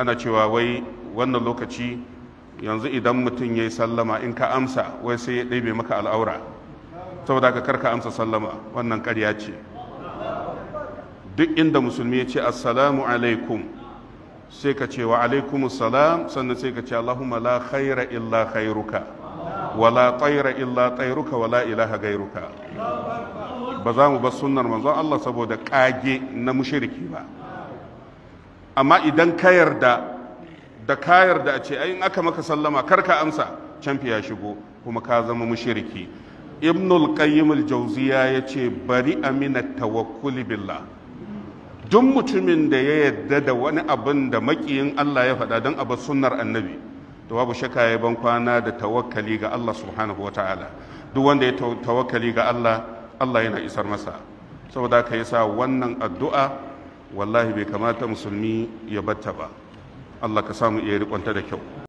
ana cewa wai wannan lokaci yanzu idan mutum ya yi sallama in ka amsa wai sai ya ɗebe maka al'aura saboda ka karka amsa sallama wannan ƙarya ce duk inda musulmi ya ce assalamu alaikum sai ka ce wa alaikum salam sannan sai ka ce allahumma la khaira illa khairuka wala tsaira illa tsairuka wala ilaha gairuka ba za mu bar sunnar manzon Allah saboda kage na mushriki ba amma idan ka yarda da ka yarda a ce in aka maka sallama kar ka amsa canfi ya shigo kuma ka zama mushriki ibnul qayyim al-jawziya yace bari amina tawakkul billah duk mutumin da ya yarda da wani abin da makiyin Allah ya faɗa don abu sunnar annabi to babu shakka ya ban kwana da tawakkali ga Allah subhanahu wataala duk wanda ya tawakkali ga Allah Allah yana isar masa saboda ka yasa wannan addu'a wallahi bai kamata musulmi ya batta ba Allah ka samu iya rikonta da kyau